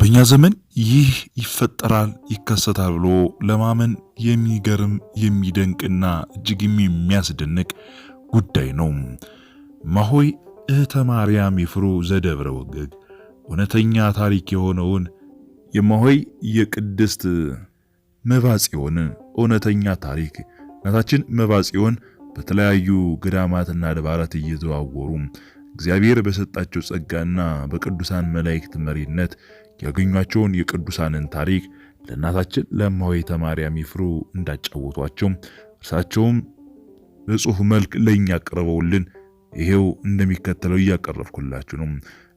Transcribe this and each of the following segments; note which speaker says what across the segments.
Speaker 1: በእኛ ዘመን ይህ ይፈጠራል ይከሰታል ብሎ ለማመን የሚገርም የሚደንቅና እጅግ የሚያስደንቅ ጉዳይ ነው። ማሆይ እህተ ማርያም ይፍሩ ዘደብረ ወገግ እውነተኛ ታሪክ የሆነውን የማሆይ የቅድስት መባጽዮን እውነተኛ ታሪክ እናታችን መባጽዮን በተለያዩ ገዳማትና አድባራት እየተዘዋወሩ እግዚአብሔር በሰጣቸው ጸጋና በቅዱሳን መላእክት መሪነት ያገኟቸውን የቅዱሳንን ታሪክ ለእናታችን ለእማሆተ ማርያም ይፍሩ እንዳጫወቷቸው እርሳቸውም በጽሑፍ መልክ ለእኛ ያቀረበውልን ይሄው እንደሚከተለው እያቀረብኩላችሁ ነው።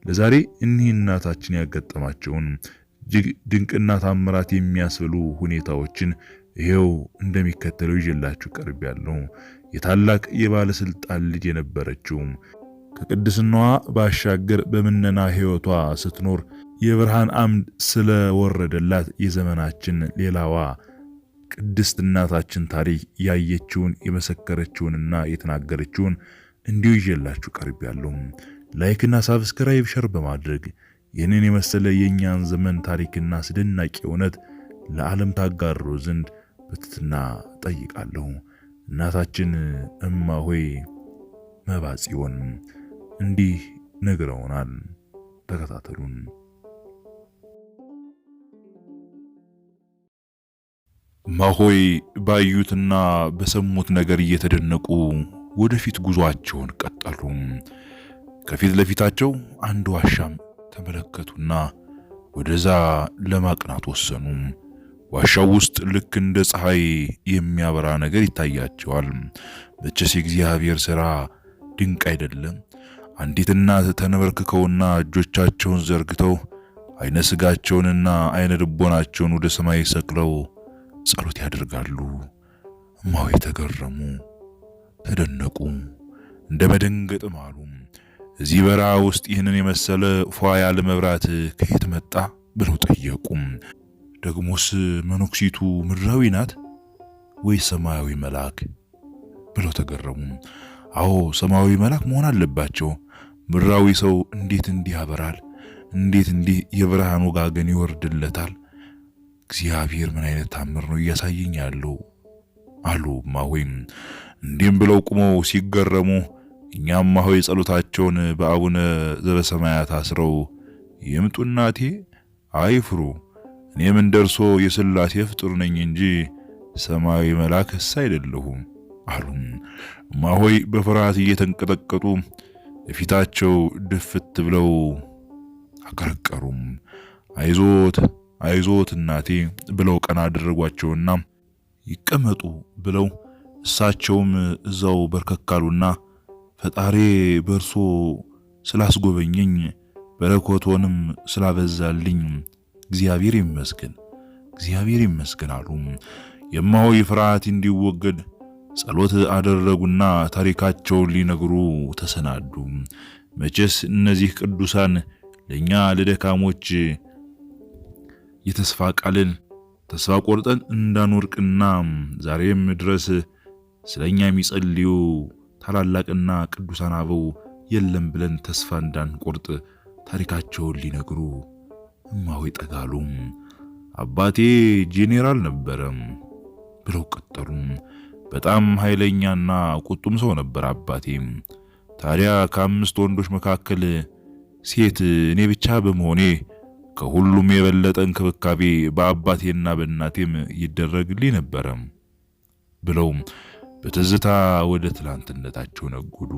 Speaker 1: ለዛሬ እኒህ እናታችን ያጋጠማቸውን እጅግ ድንቅና ታምራት የሚያስብሉ ሁኔታዎችን ይሄው እንደሚከተለው ይዤላችሁ ቀርቤያለሁ። የታላቅ የባለስልጣን ልጅ የነበረችው ከቅድስናዋ ባሻገር በምነና ሕይወቷ ስትኖር የብርሃን አምድ ስለወረደላት የዘመናችን ሌላዋ ቅድስት እናታችን ታሪክ ያየችውን የመሰከረችውንና የተናገረችውን እንዲሁ ይዤላችሁ ቀርቤያለሁ። ላይክና ሳብስክራይብ ሸር በማድረግ ይህንን የመሰለ የእኛን ዘመን ታሪክና አስደናቂ እውነት ለዓለም ታጋሩ ዘንድ በትትና ጠይቃለሁ። እናታችን እማ ሆይ መባጽዮን እንዲህ ነግረውናል። ተከታተሉን። ማሆይ ባዩትና በሰሙት ነገር እየተደነቁ ወደፊት ጉዟቸውን ቀጠሉ። ከፊት ለፊታቸው አንድ ዋሻም ተመለከቱና ወደዛ ለማቅናት ወሰኑ። ዋሻው ውስጥ ልክ እንደ ፀሐይ የሚያበራ ነገር ይታያቸዋል። መቼስ የእግዚአብሔር ሥራ ድንቅ አይደለም? አንዲት እናት ተንበርክከውና እጆቻቸውን ዘርግተው አይነ ስጋቸውንና አይነ ልቦናቸውን ወደ ሰማይ ሰቅለው ጸሎት ያደርጋሉ። እማው የተገረሙ ተደነቁ፣ እንደ መደንገጥም አሉ። እዚህ በረሃ ውስጥ ይህንን የመሰለ ፏ ያለ መብራት ከየት መጣ ብለው ጠየቁ። ደግሞስ መኖክሲቱ ምድራዊ ናት ወይ ሰማያዊ መልአክ ብለው ተገረሙ። አዎ ሰማያዊ መልአክ መሆን አለባቸው። ምድራዊ ሰው እንዴት እንዲህ ያበራል? እንዴት እንዲህ የብርሃን ወጋገን ይወርድለታል? እግዚአብሔር ምን አይነት ታምር ነው እያሳየኝ ያለው አሉ እማሆይ። እንዲህም ብለው ቁመው ሲገረሙ እኛም እማሆይ ጸሎታቸውን በአቡነ ዘበሰማያት አስረው ይምጡ እናቴ አይፍሩ፣ እኔም እንደርሶ የሥላሴ ፍጡር ነኝ እንጂ ሰማያዊ መልአክስ አይደለሁም አሉም እማሆይ በፍርሃት እየተንቀጠቀጡ ፊታቸው ድፍት ብለው አቀረቀሩም። አይዞት አይዞት እናቴ ብለው ቀና አደረጓቸውና ይቀመጡ ብለው እሳቸውም እዛው በርከካሉና ፈጣሬ በርሶ ስላስጎበኘኝ በረከቶንም ስላበዛልኝ እግዚአብሔር ይመስገን እግዚአብሔር ይመስገን አሉ። የማሆይ ፍርሃት እንዲወገድ ጸሎት አደረጉና ታሪካቸውን ሊነግሩ ተሰናዱ። መቼስ እነዚህ ቅዱሳን ለእኛ ለደካሞች የተስፋ ቃልን ተስፋ ቆርጠን እንዳንወርቅና ዛሬም ድረስ ስለኛ የሚጸልዩ ታላላቅና ቅዱሳን አበው የለም ብለን ተስፋ እንዳንቆርጥ ታሪካቸውን ሊነግሩ እማሆይ ጠጋሉ አባቴ ጄኔራል ነበረም ብለው ቀጠሉ። በጣም ኃይለኛና ቁጡም ሰው ነበር አባቴ። ታዲያ ከአምስት ወንዶች መካከል ሴት እኔ ብቻ በመሆኔ ከሁሉም የበለጠ እንክብካቤ በአባቴና በእናቴም ይደረግልኝ ነበረ ብለውም በትዝታ ወደ ትላንትነታቸው ነጎዱ።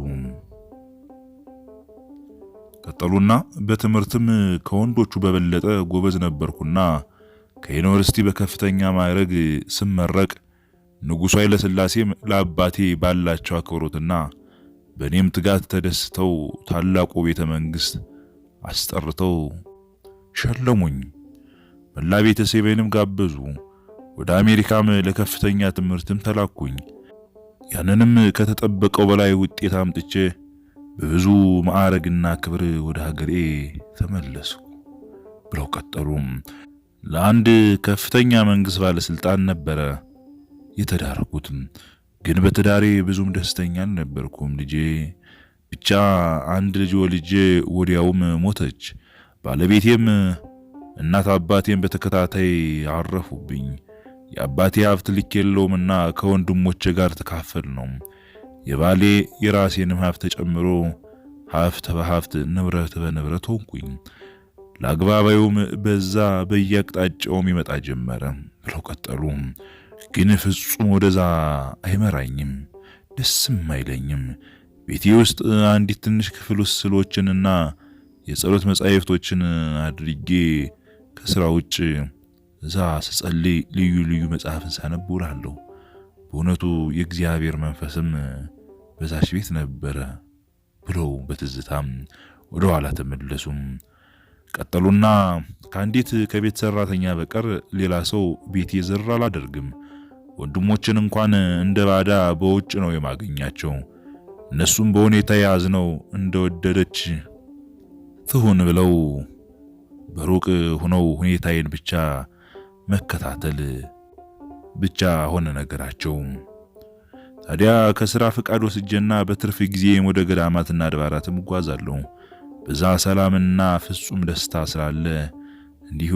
Speaker 1: ቀጠሉና በትምህርትም ከወንዶቹ በበለጠ ጎበዝ ነበርኩና ከዩኒቨርሲቲ በከፍተኛ ማዕረግ ስመረቅ ንጉሡ ኃይለሥላሴም ለአባቴ ባላቸው አክብሮትና በእኔም ትጋት ተደስተው ታላቁ ቤተ መንግሥት አስጠርተው ሸለሙኝ። መላ ቤተሰቤንም ጋበዙ። ወደ አሜሪካም ለከፍተኛ ትምህርትም ተላኩኝ። ያንንም ከተጠበቀው በላይ ውጤት አምጥቼ በብዙ ማዕረግና ክብር ወደ ሀገሬ ተመለስኩ ብለው ቀጠሉም። ለአንድ ከፍተኛ መንግስት ባለስልጣን ነበረ የተዳረኩትም ግን በትዳሬ ብዙም ደስተኛ አልነበርኩም። ልጄ ብቻ አንድ ልጅ ወልጄ ወዲያውም ሞተች። ባለቤቴም እናት አባቴም በተከታታይ አረፉብኝ። የአባቴ ሀብት ልክ የለውምና ከወንድሞቼ ጋር ተካፈል ነው። የባሌ የራሴንም ሀብት ተጨምሮ ሀብት በሀብት ንብረት በንብረት ሆንኩኝ። ለአግባባዩም በዛ በየአቅጣጫውም ይመጣ ጀመረ ብለው ቀጠሉ። ግን ፍጹም ወደዛ አይመራኝም፣ ደስም አይለኝም። ቤቴ ውስጥ አንዲት ትንሽ ክፍል ውስጥ የጸሎት መጻሕፍቶችን አድርጌ ከስራ ውጭ እዛ ስጸልይ ልዩ ልዩ መጽሐፍን ሳነብ ውላለሁ። በእውነቱ የእግዚአብሔር መንፈስም በዛች ቤት ነበረ ብለው በትዝታም ወደ ኋላ ተመለሱም። ቀጠሉና ከአንዲት ከቤት ሰራተኛ በቀር ሌላ ሰው ቤት የዘራ አላደርግም። ወንድሞችን እንኳን እንደ ባዳ በውጭ ነው የማገኛቸው። እነሱም በሁኔታ የያዝነው እንደወደደች ትሁን ብለው በሩቅ ሆነው ሁኔታዬን ብቻ መከታተል ብቻ ሆነ ነገራቸው። ታዲያ ከስራ ፈቃድ ወስጄና በትርፍ ጊዜም ወደ ገዳማትና አድባራትም እጓዛለሁ። በዛ ሰላምና ፍጹም ደስታ ስላለ እንዲሁ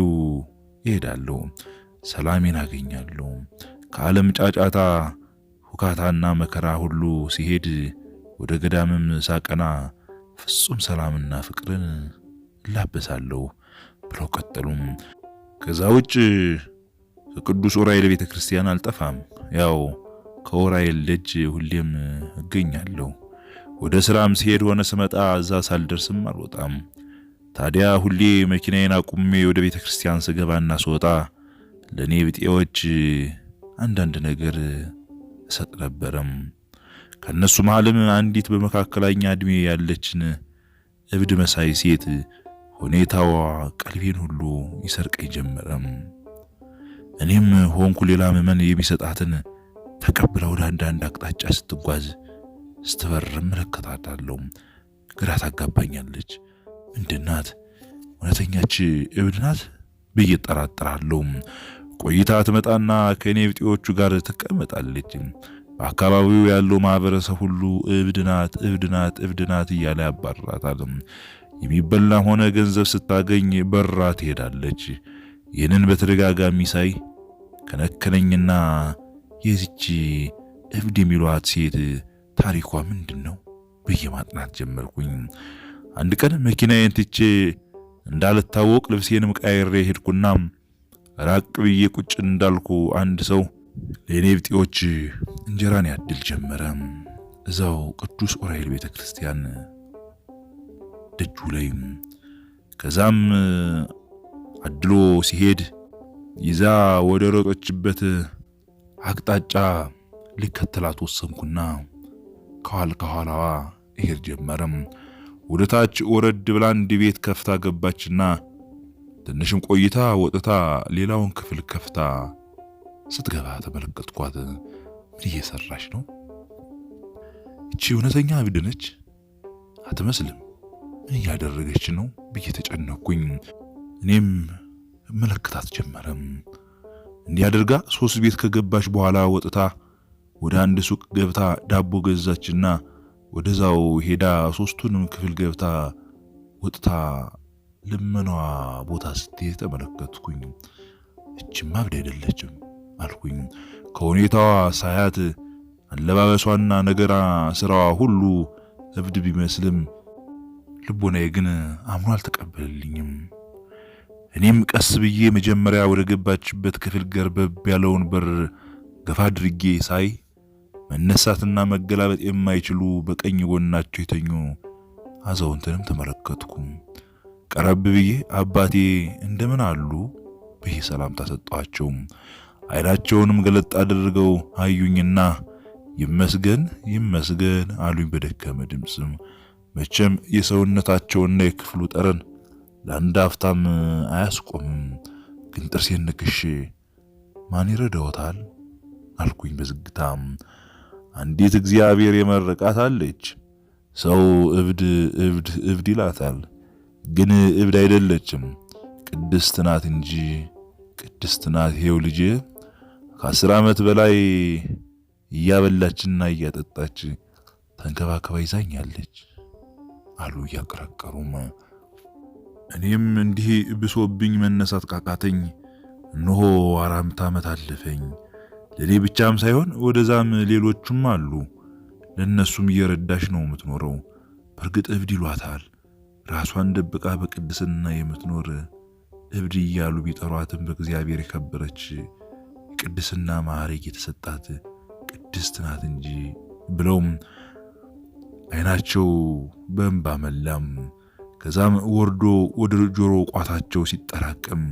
Speaker 1: ይሄዳለሁ። ሰላሜን አገኛለሁ። ከዓለም ጫጫታ ሁካታና መከራ ሁሉ ሲሄድ ወደ ገዳምም ሳቀና ፍጹም ሰላምና ፍቅርን እላበሳለሁ ብለው ቀጠሉም። ከዛ ውጭ ከቅዱስ ዑራኤል ቤተ ክርስቲያን አልጠፋም። ያው ከዑራኤል ደጅ ሁሌም እገኛለሁ። ወደ ስራም ሲሄድ ሆነ ስመጣ እዛ ሳልደርስም አልወጣም። ታዲያ ሁሌ መኪናዬን አቁሜ ወደ ቤተ ክርስቲያን ስገባና ስወጣ ለእኔ ብጤዎች አንዳንድ ነገር እሰጥ ነበረም። ከእነሱ መሃልም አንዲት በመካከለኛ ዕድሜ ያለችን እብድ መሳይ ሴት ሁኔታዋ ቀልቤን ሁሉ ይሰርቀኝ ጀመረም። እኔም ሆንኩ ሌላ ምዕመን የሚሰጣትን ተቀብላ ወደ አንዳንድ አቅጣጫ ስትጓዝ ስትበር እመለከታታለሁ። ግራ ታጋባኛለች። ምንድናት? እውነተኛች እብድናት ናት ብዬ እጠራጠራለሁ። ቆይታ ትመጣና ከእኔ ብጤዎቹ ጋር ትቀመጣለች። በአካባቢው ያለው ማህበረሰብ ሁሉ እብድናት እብድናት እብድናት እያለ ያባራታል። የሚበላ ሆነ ገንዘብ ስታገኝ በራ ትሄዳለች። ይህንን በተደጋጋሚ ሳይ ከነከነኝና የዚች እብድ የሚሏት ሴት ታሪኳ ምንድን ነው ብዬ ማጥናት ጀመርኩኝ። አንድ ቀን መኪናዬን ትቼ እንዳልታወቅ ልብሴንም ቀይሬ ሄድኩና ራቅ ብዬ ቁጭ እንዳልኩ አንድ ሰው ለእኔ ብጤዎች እንጀራን ያድል ጀመረ። እዛው ቅዱስ ዑራኤል ቤተ ክርስቲያን ደጁ ላይ ከዛም አድሎ ሲሄድ ይዛ ወደ ሮጠችበት አቅጣጫ ሊከተላት ወሰንኩና ከኋል ከኋላዋ እሄድ ጀመረም። ወደ ታች ወረድ ብላ አንድ ቤት ከፍታ ገባችና ትንሽም ቆይታ ወጥታ ሌላውን ክፍል ከፍታ ስትገባ ተመለከትኳት። ምን እየሰራች ነው? እቺ እውነተኛ እብድ ነች? አትመስልም። ምን እያደረገች ነው ብዬ ተጨነኩኝ። እኔም መለከታት ጀመረም። እንዲህ አድርጋ ሶስት ቤት ከገባች በኋላ ወጥታ ወደ አንድ ሱቅ ገብታ ዳቦ ገዛችና ወደዛው ሄዳ ሶስቱንም ክፍል ገብታ ወጥታ ልመኗ ቦታ ስትሄድ ተመለከትኩኝ። እችማ እብድ አይደለችም። አልኩኝ። ከሁኔታዋ ሳያት አለባበሷና ነገራ ስራዋ ሁሉ እብድ ቢመስልም ልቦናዬ ግን አምኖ አልተቀበልልኝም። እኔም ቀስ ብዬ መጀመሪያ ወደ ገባችበት ክፍል ገርበብ ያለውን በር ገፋ አድርጌ ሳይ መነሳትና መገላበጥ የማይችሉ በቀኝ ጎናቸው የተኙ አዛውንትንም ተመለከትኩ። ቀረብ ብዬ አባቴ እንደምን አሉ ብዬ ሰላምታ ሰጠኋቸው። አይናቸውንም ገለጥ አድርገው አዩኝና ይመስገን ይመስገን አሉኝ በደከመ ድምፅም። መቼም የሰውነታቸውና የክፍሉ ጠረን ለአንድ አፍታም አያስቆምም። ግን ጥርሴን ንክሼ ማን ይረዳዎታል አልኩኝ በዝግታም። አንዲት እግዚአብሔር የመረቃት አለች። ሰው እብድ እብድ እብድ ይላታል፣ ግን እብድ አይደለችም። ቅድስት ናት እንጂ ቅድስት ናት። ይሄው ልጄ ከአስር ዓመት በላይ እያበላችና እያጠጣች ተንከባከባ ይዛኛለች አሉ እያቀረቀሩም። እኔም እንዲህ ብሶብኝ መነሳት ቃቃተኝ። እንሆ አራምት ዓመት አለፈኝ። ለእኔ ብቻም ሳይሆን ወደዛም ሌሎቹም አሉ። ለእነሱም እየረዳሽ ነው የምትኖረው። በእርግጥ እብድ ይሏታል። ራሷን ደብቃ በቅድስና የምትኖር እብድ እያሉ ቢጠሯትም በእግዚአብሔር የከበረች ቅድስና ማዕረግ የተሰጣት ቅድስት ናት እንጂ ብለውም አይናቸው በእንባ መላም። ከዛም ወርዶ ወደ ጆሮ ቋታቸው ሲጠራቅም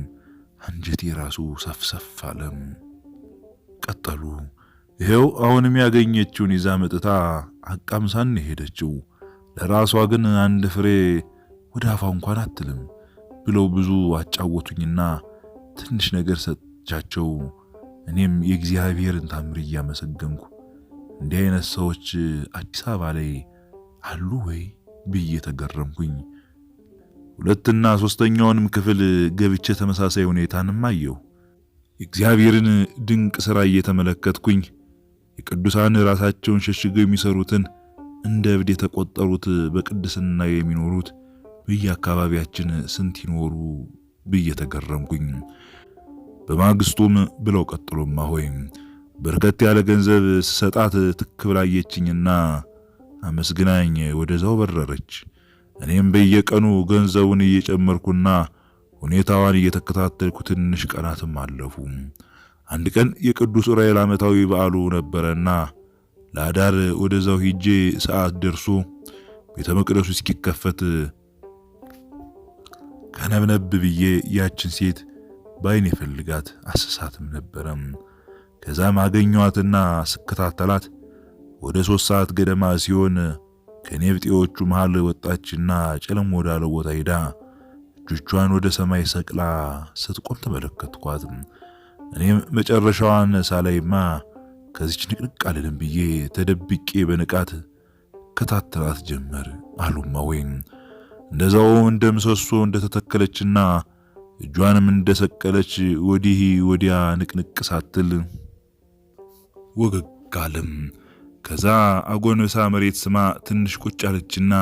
Speaker 1: አንጀቴ ራሱ ሰፍሰፍ አለም። ቀጠሉ። ይሄው አሁንም ያገኘችውን ይዛ መጥታ አቃምሳን ሄደችው። ለራሷ ግን አንድ ፍሬ ወደ አፏ እንኳን አትልም ብለው ብዙ አጫወቱኝና ትንሽ ነገር ሰጥቻቸው እኔም የእግዚአብሔርን ታምር እያመሰገንኩ እንዲህ አይነት ሰዎች አዲስ አበባ ላይ አሉ ወይ ብዬ ተገረምኩኝ። ሁለትና ሶስተኛውንም ክፍል ገብቼ ተመሳሳይ ሁኔታንም አየሁ። የእግዚአብሔርን ድንቅ ሥራ እየተመለከትኩኝ የቅዱሳን ራሳቸውን ሸሽገው የሚሰሩትን እንደ እብድ የተቆጠሩት በቅድስና የሚኖሩት በየአካባቢያችን ስንት ይኖሩ ብዬ ተገረምኩኝ። በማግስቱም ብለው ቀጥሎማ ሆይ በርከት ያለ ገንዘብ ስሰጣት ትክ ብላየችኝና አመስግናኝ ወደዛው በረረች። እኔም በየቀኑ ገንዘቡን እየጨመርኩና ሁኔታዋን እየተከታተልኩ ትንሽ ቀናትም አለፉ። አንድ ቀን የቅዱስ ዑራኤል ዓመታዊ በዓሉ ነበረና ለአዳር ወደዛው ሂጄ ሰዓት ደርሶ ቤተ መቅደሱ እስኪከፈት ከነብነብ ብዬ ያችን ሴት በአይኔ ፈልጋት አስሳትም ነበረም። ከዛም አገኘዋትና ስከታተላት ወደ ሶስት ሰዓት ገደማ ሲሆን ከኔብጤዎቹ መሃል ወጣችና ጨለም ወዳለው ቦታ ሄዳ እጆቿን ወደ ሰማይ ሰቅላ ስትቆም ተመለከትኳት። እኔ መጨረሻዋን ሳላይማ ከዚች ንቅንቅ አልልም ብዬ ተደብቄ በንቃት ከታተላት ጀመር። አሉማ ወይም እንደዛው እንደምሰሶ እንደተተከለችና እጇንም እንደሰቀለች ወዲህ ወዲያ ንቅንቅ ሳትል ወገጋለም። ከዛ አጎንብሳ መሬት ስማ ትንሽ ቁጭ አለችና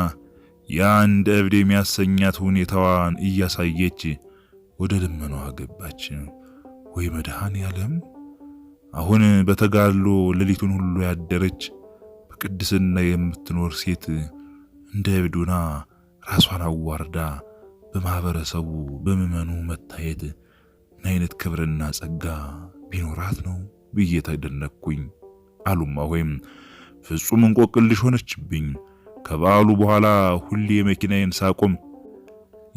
Speaker 1: ያ እንደ እብድ የሚያሰኛት ሁኔታዋን እያሳየች ወደ ልመኗ ገባች። ወይ መድሃን ያለም አሁን በተጋሎ ሌሊቱን ሁሉ ያደረች በቅድስና የምትኖር ሴት እንደ እብድ ሆና ራሷን አዋርዳ በማህበረሰቡ በምዕመኑ መታየት ምን አይነት ክብርና ጸጋ ቢኖራት ነው ብዬ ተደነቅኩኝ። አሉማ ወይም ፍጹም እንቆቅልሽ ሆነችብኝ። ከበዓሉ በኋላ ሁሌ መኪናዬን ሳቆም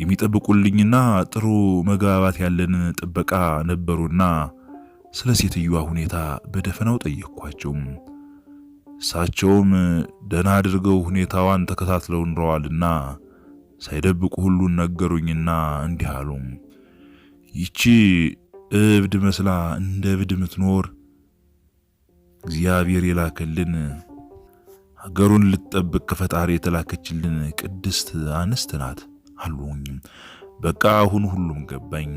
Speaker 1: የሚጠብቁልኝና ጥሩ መግባባት ያለን ጥበቃ ነበሩና ስለ ሴትዮዋ ሁኔታ በደፈናው ጠየቅኳቸው። እሳቸውም ደህና አድርገው ሁኔታዋን ተከታትለው ኖረዋልና ሳይደብቁ ሁሉን ነገሩኝና እንዲህ አሉ። ይቺ እብድ መስላ እንደ እብድ ምትኖር እግዚአብሔር የላከልን ሀገሩን ልትጠብቅ ከፈጣሪ የተላከችልን ቅድስት አንስት ናት አሉኝ በቃ አሁን ሁሉም ገባኝ።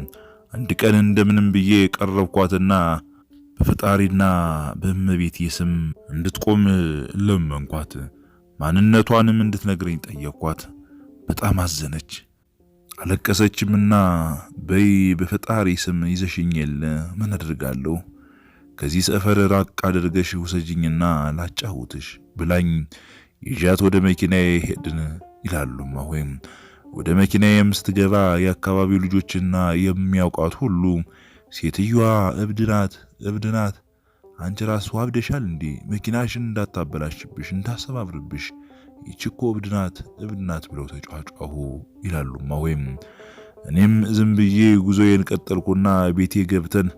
Speaker 1: አንድ ቀን እንደምንም ብዬ ቀረብኳትና በፈጣሪና በእመቤቴ ስም እንድትቆም ለመንኳት። ማንነቷንም እንድትነግረኝ ጠየቅኳት። በጣም አዘነች። አለቀሰችምና በይ በፈጣሪ ስም ይዘሽኝ የለ ምን አድርጋለሁ ከዚህ ሰፈር ራቅ አድርገሽ ውሰጅኝና ላጫውትሽ ብላኝ ይዣት ወደ መኪናዬ ሄድን ይላሉማ። ወይም ወደ መኪናዬም ስትገባ የአካባቢው ልጆችና የሚያውቋት ሁሉ ሴትዮዋ እብድናት እብድናት፣ አንቺ ራስ ዋብደሻል እንዴ? መኪናሽን እንዳታበላሽብሽ እንዳሰባብርብሽ ይችኮ እብድናት እብድናት ብለው ተጫጫሁ ይላሉማ። ወይም እኔም ዝም ብዬ ጉዞዬን ቀጠልኩና ቤቴ ገብተን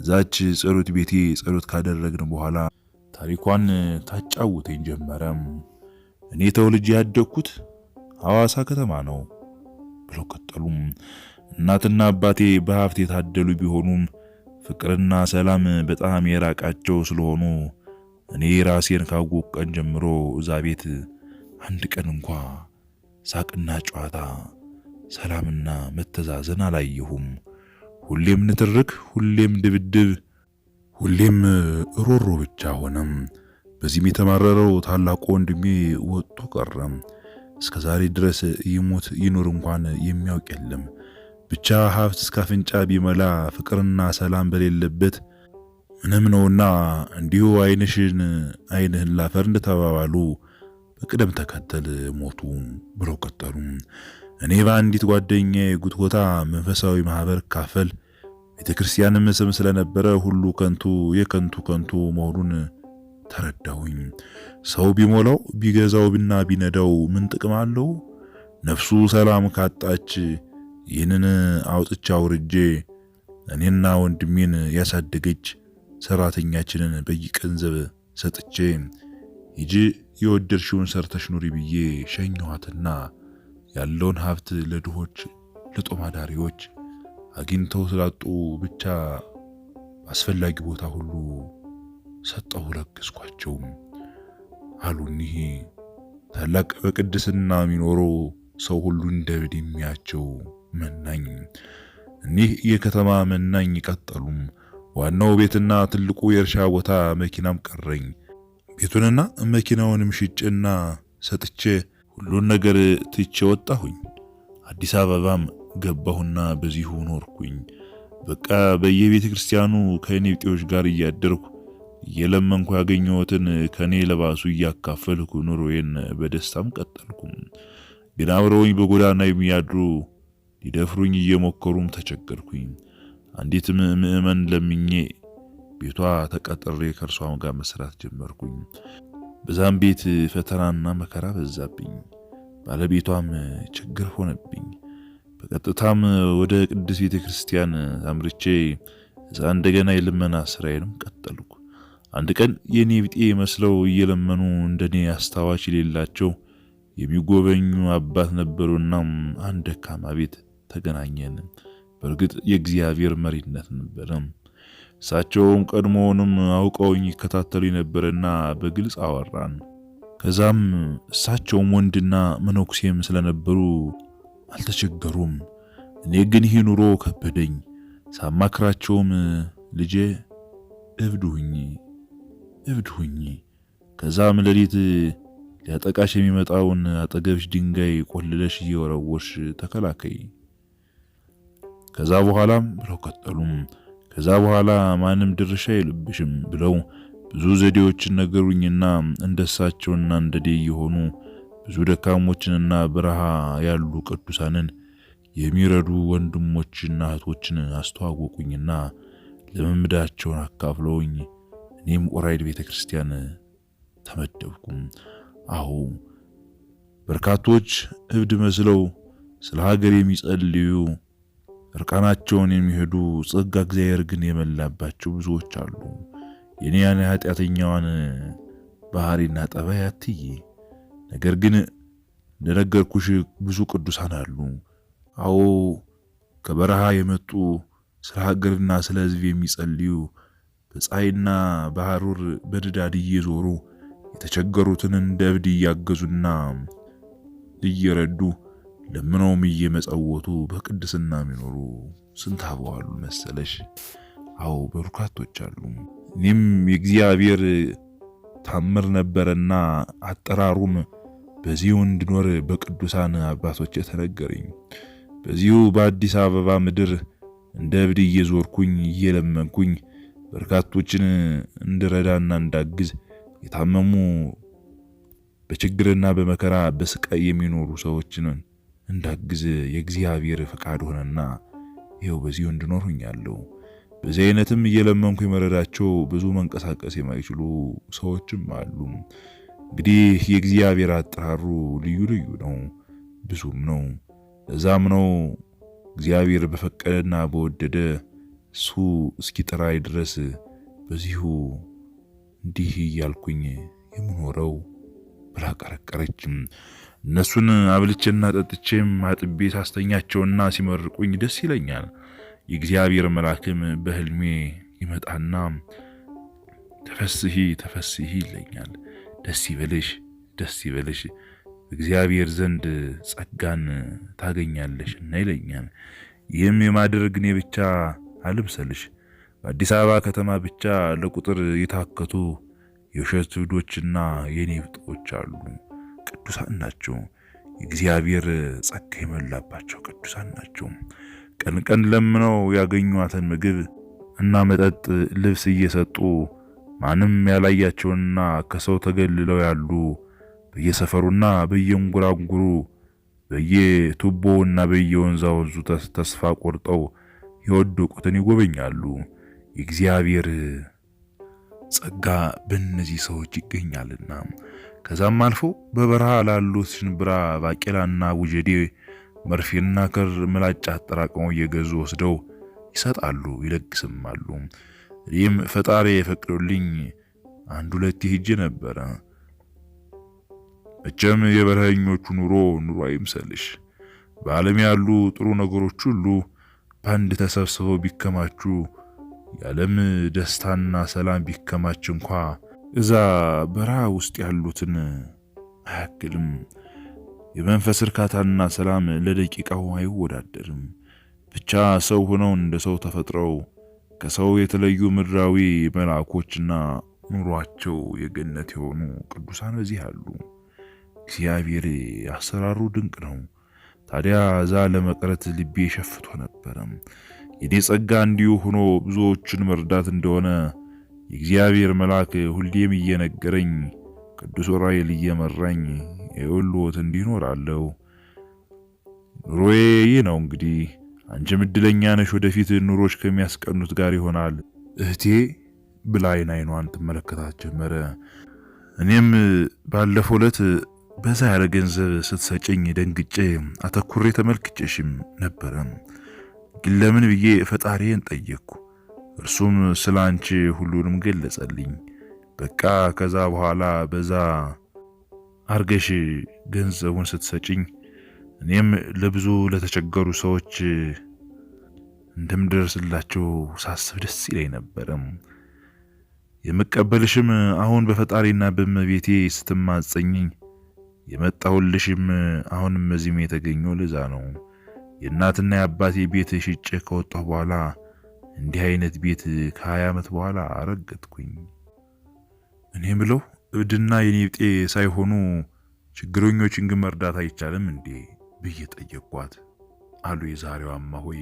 Speaker 1: እዛች ጸሎት ቤቴ ጸሎት ካደረግን በኋላ ታሪኳን ታጫውተኝ ጀመረም። እኔ ተወልጄ ያደግኩት ሐዋሳ ከተማ ነው ብለው ቀጠሉም። እናትና አባቴ በሀብት የታደሉ ቢሆኑም ፍቅርና ሰላም በጣም የራቃቸው ስለሆኑ እኔ ራሴን ካወቅሁ ቀን ጀምሮ እዛ ቤት አንድ ቀን እንኳ ሳቅና ጨዋታ፣ ሰላምና መተዛዘን አላየሁም። ሁሌም ንትርክ፣ ሁሌም ድብድብ፣ ሁሌም ሮሮ ብቻ ሆነም። በዚህም የተማረረው ታላቁ ወንድሜ ወጥቶ ቀረም። እስከ ዛሬ ድረስ ይሞት ይኖር እንኳን የሚያውቅ የለም። ብቻ ሀብት እስከ አፍንጫ ቢመላ ፍቅርና ሰላም በሌለበት ምንም ነውና እንዲሁ አይንሽን አይንህን ላፈር እንደተባባሉ በቅደም ተከተል ሞቱ ብለው ቀጠሉ። እኔ በአንዲት ጓደኛ የጉትጎታ መንፈሳዊ ማህበር ካፈል ቤተ ክርስቲያንም ስም ስለነበረ ሁሉ ከንቱ የከንቱ ከንቱ መሆኑን ተረዳሁኝ። ሰው ቢሞላው ቢገዛው ብና ቢነዳው ምን ጥቅም አለው? ነፍሱ ሰላም ካጣች ይህንን አውጥቻ አውርጄ እኔና ወንድሜን ያሳደገች ሰራተኛችንን በየገንዘብ ሰጥቼ ይጅ የወደድሽውን ሰርተሽ ኑሪ ብዬ ሸኘኋትና ያለውን ሀብት ለድሆች ለጦማዳሪዎች አግኝተው ስላጡ ብቻ አስፈላጊ ቦታ ሁሉ ሰጠው ለግስኳቸውም አሉ። እኒህ ታላቅ በቅድስና የሚኖረው ሰው ሁሉ እንደብድ የሚያቸው መናኝ። እኒህ የከተማ መናኝ ቀጠሉም። ዋናው ቤትና ትልቁ የእርሻ ቦታ መኪናም ቀረኝ። ቤቱንና መኪናውንም ሽጬና ሰጥቼ ሁሉን ነገር ትቼ ወጣሁኝ። አዲስ አበባም ገባሁና በዚሁ ኖርኩኝ። በቃ በየቤተ ክርስቲያኑ ከእኔ ብጤዎች ጋር እያደርኩ እየለመንኩ ያገኘሁትን ከኔ ለባሱ እያካፈልኩ ኑሮዬን በደስታም ቀጠልኩም። ግን አብረውኝ በጎዳና የሚያድሩ ሊደፍሩኝ እየሞከሩም ተቸገርኩኝ። አንዲት ምእመን ለምኜ ቤቷ ተቀጥሬ ከእርሷም ጋር መስራት ጀመርኩኝ። በዛም ቤት ፈተናና መከራ በዛብኝ። ባለቤቷም ችግር ሆነብኝ። በቀጥታም ወደ ቅድስት ቤተ ክርስቲያን አምርቼ እዛ እንደገና የልመና ስራዬንም ቀጠልኩ። አንድ ቀን የእኔ ብጤ መስለው እየለመኑ እንደኔ አስታዋች የሌላቸው የሚጎበኙ አባት ነበሩና አንድ ደካማ ቤት ተገናኘን። በእርግጥ የእግዚአብሔር መሪነት ነበረም። እሳቸውም ቀድሞውንም አውቀውኝ ይከታተሉ ይነበርና በግልጽ አወራን። ከዛም እሳቸውም ወንድና መነኩሴም ስለነበሩ አልተቸገሩም። እኔ ግን ይህ ኑሮ ከበደኝ። ሳማክራቸውም ልጄ እብድ ሁኚ እብድ ሁኚ። ከዛም ሌሊት ሊያጠቃሽ የሚመጣውን አጠገብሽ ድንጋይ ቆልለሽ እየወረወሽ ተከላከይ። ከዛ በኋላም ብለው ቀጠሉም ከዛ በኋላ ማንም ድርሻ የለብሽም ብለው ብዙ ዘዴዎችን ነገሩኝና እንደሳቸውና እንደዴ የሆኑ ብዙ ደካሞችንና በረሃ ያሉ ቅዱሳንን የሚረዱ ወንድሞችና እህቶችን አስተዋወቁኝና ልምምዳቸውን አካፍለውኝ እኔም ቁራይድ ቤተ ክርስቲያን ተመደብኩም። አሁ በርካቶች እብድ መስለው ስለ ሀገር የሚጸልዩ እርቃናቸውን የሚሄዱ ጸጋ እግዚአብሔር ግን የመላባቸው ብዙዎች አሉ። ያን ኃጢአተኛዋን ባህሪና ጠባይ አትዬ። ነገር ግን እንደነገርኩሽ ብዙ ቅዱሳን አሉ። አዎ ከበረሃ የመጡ ስለ ሀገርና ስለ ሕዝብ የሚጸልዩ በፀሐይና በሐሩር በንዳድ እየዞሩ የተቸገሩትን እንደ እብድ እያገዙና እየረዱ ለምነውም እየመጸወቱ በቅድስና የሚኖሩ ስንት አበዋሉ መሰለሽ? አዎ በርካቶች አሉ። እኔም የእግዚአብሔር ታምር ነበረና አጠራሩም በዚሁ እንድኖር በቅዱሳን አባቶች ተነገረኝ በዚሁ በአዲስ አበባ ምድር እንደ እብድ እየዞርኩኝ እየለመንኩኝ በርካቶችን እንድረዳና እንዳግዝ የታመሙ በችግርና በመከራ በስቃይ የሚኖሩ ሰዎችን እንዳግዝ የእግዚአብሔር ፈቃድ ሆነና ይኸው በዚሁ እንድኖር ሆኛለሁ። በዚህ አይነትም እየለመንኩ የመረዳቸው ብዙ መንቀሳቀስ የማይችሉ ሰዎችም አሉ። እንግዲህ የእግዚአብሔር አጠራሩ ልዩ ልዩ ነው፣ ብዙም ነው። እዛም ነው እግዚአብሔር በፈቀደና በወደደ እሱ እስኪጠራይ ድረስ በዚሁ እንዲህ እያልኩኝ የምኖረው ብላ ቀረቀረችም። እነሱን አብልቼና ጠጥቼም አጥቤ ሳስተኛቸውና ሲመርቁኝ ደስ ይለኛል። የእግዚአብሔር መልአክም በህልሜ ይመጣና ተፈስሂ ተፈስሂ ይለኛል። ደስ ይበልሽ ደስ ይበልሽ እግዚአብሔር ዘንድ ጸጋን ታገኛለሽ እና ይለኛል። ይህም የማደርግ እኔ ብቻ አልብሰልሽ በአዲስ አበባ ከተማ ብቻ ለቁጥር የታከቱ የውሸት እብዶችና የኔ ብጤዎች አሉ። ቅዱሳን ናቸው። የእግዚአብሔር ጸጋ የሞላባቸው ቅዱሳን ናቸው። ቀን ቀን ለምነው ያገኟትን ምግብ እና መጠጥ፣ ልብስ እየሰጡ ማንም ያላያቸውና ከሰው ተገልለው ያሉ በየሰፈሩና በየንጉራንጉሩ በየቱቦውና በየወንዛወንዙ ተስፋ ቆርጠው የወደቁትን ይጎበኛሉ። የእግዚአብሔር ጸጋ በእነዚህ ሰዎች ይገኛልና ከዛም አልፎ በበረሃ ላሉት ሽንብራ፣ ባቄላና ውጀዴ መርፌና ክር ምላጭ አጠራቅመው እየገዙ ወስደው ይሰጣሉ፣ ይለግስማሉ። እኔም ፈጣሪ የፈቅዶልኝ አንድ ሁለት ሄጄ ነበረ። መቼም የበረሃኞቹ ኑሮ ኑሮ አይምሰልሽ። በዓለም ያሉ ጥሩ ነገሮች ሁሉ በአንድ ተሰብስበው ቢከማቹ፣ የዓለም ደስታና ሰላም ቢከማች እንኳ እዛ በረሃ ውስጥ ያሉትን አያክልም። የመንፈስ እርካታና ሰላም ለደቂቃው አይወዳደርም። ብቻ ሰው ሆነው እንደ ሰው ተፈጥረው ከሰው የተለዩ ምድራዊ መልአኮችና ኑሯቸው የገነት የሆኑ ቅዱሳን በዚህ አሉ። እግዚአብሔር አሰራሩ ድንቅ ነው። ታዲያ እዛ ለመቅረት ልቤ ሸፍቶ ነበረም። የኔ ጸጋ እንዲሁ ሆኖ ብዙዎችን መርዳት እንደሆነ የእግዚአብሔር መልአክ ሁሌም እየነገረኝ ቅዱስ ዑራኤል እየመራኝ የውልዎት እንዲኖራለው ኑሮዬ ይህ ነው እንግዲህ አንቺም እድለኛ ነሽ። ወደፊት ኑሮች ከሚያስቀኑት ጋር ይሆናል እህቴ ብላ አይን አይኗን ትመለከታት ጀመረ። እኔም ባለፈው ዕለት በዛ ያለ ገንዘብ ስትሰጭኝ ደንግጬ አተኩሬ ተመልክቼሽም ነበረ። ግን ለምን ብዬ ፈጣሪን ጠየቅኩ። እርሱም ስለ አንቺ ሁሉንም ገለጸልኝ። በቃ ከዛ በኋላ በዛ አርገሽ ገንዘቡን ስትሰጭኝ እኔም ለብዙ ለተቸገሩ ሰዎች እንደምደርስላቸው ሳስብ ደስ ይለኝ ነበርም። የምቀበልሽም አሁን በፈጣሪና በመቤቴ ስትማጸኝኝ የመጣሁልሽም አሁንም እዚህም የተገኘው ልዛ ነው። የእናትና የአባቴ ቤት ሽጭ ከወጣሁ በኋላ እንዲህ አይነት ቤት ከሀያ ዓመት በኋላ አረገጥኩኝ። እኔ ምለው እብድና የኔብጤ ሳይሆኑ ችግረኞችን ግን መርዳት አይቻልም እንዴ ብዬ ጠየቅኳት አሉ የዛሬዋ እማሆይ።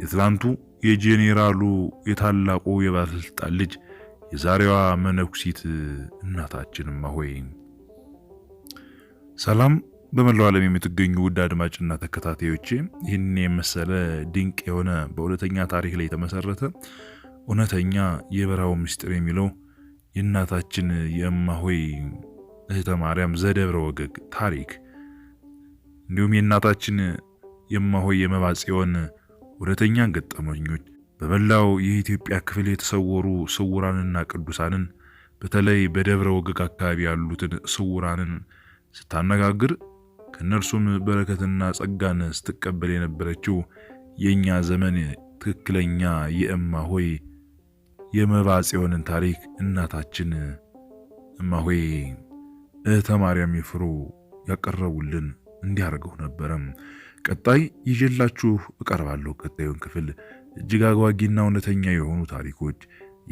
Speaker 1: የትላንቱ የጄኔራሉ የታላቁ የባለስልጣን ልጅ የዛሬዋ መነኩሲት እናታችን እማሆይ ሰላም በመላው ዓለም የምትገኙ ውድ አድማጭና ተከታታዮቼ ይህን የመሰለ ድንቅ የሆነ በእውነተኛ ታሪክ ላይ የተመሰረተ እውነተኛ የበረሃው ምስጢር የሚለው የእናታችን የእማሆይ እህተ ማርያም ዘደብረ ወገግ ታሪክ እንዲሁም የእናታችን የእማሆይ የመባጽዮን እውነተኛ ገጠመኞች በመላው የኢትዮጵያ ክፍል የተሰወሩ ስውራንና ቅዱሳንን በተለይ በደብረ ወገግ አካባቢ ያሉትን ስውራንን ስታነጋግር ከእነርሱም በረከትና ጸጋን ስትቀበል የነበረችው የእኛ ዘመን ትክክለኛ የእማ ሆይ የመባ ጽዮንን ታሪክ እናታችን እማ ሆይ እህተ ማርያም ይፍሩ ያቀረቡልን እንዲያደርገው ነበረም። ቀጣይ ይዤላችሁ እቀርባለሁ። ቀጣዩን ክፍል እጅግ አጓጊና እውነተኛ የሆኑ ታሪኮች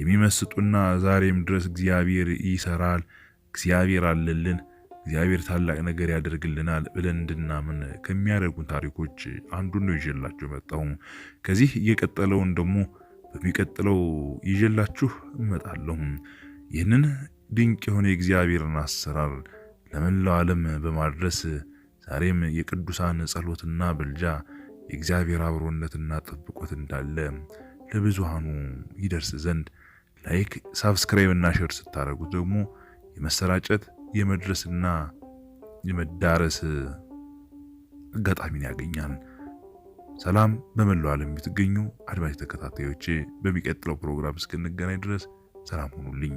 Speaker 1: የሚመስጡና ዛሬም ድረስ እግዚአብሔር ይሰራል፣ እግዚአብሔር አለልን እግዚአብሔር ታላቅ ነገር ያደርግልናል ብለን እንድናምን ከሚያደርጉን ታሪኮች አንዱን ነው ይዤላችሁ መጣሁ። ከዚህ እየቀጠለውን ደግሞ በሚቀጥለው ይዤላችሁ እመጣለሁ። ይህንን ድንቅ የሆነ የእግዚአብሔርን አሰራር ለመላው ዓለም በማድረስ ዛሬም የቅዱሳን ጸሎትና ብልጃ የእግዚአብሔር አብሮነትና ጥብቆት እንዳለ ለብዙሃኑ ይደርስ ዘንድ ላይክ፣ ሳብስክራይብ እና ሼር ስታደርጉት ደግሞ የመሰራጨት የመድረስና የመዳረስ አጋጣሚን ያገኛል። ሰላም በመላው ዓለም የምትገኙ አድማጭ ተከታታዮቼ፣ በሚቀጥለው ፕሮግራም እስክንገናኝ ድረስ ሰላም ሁኑልኝ።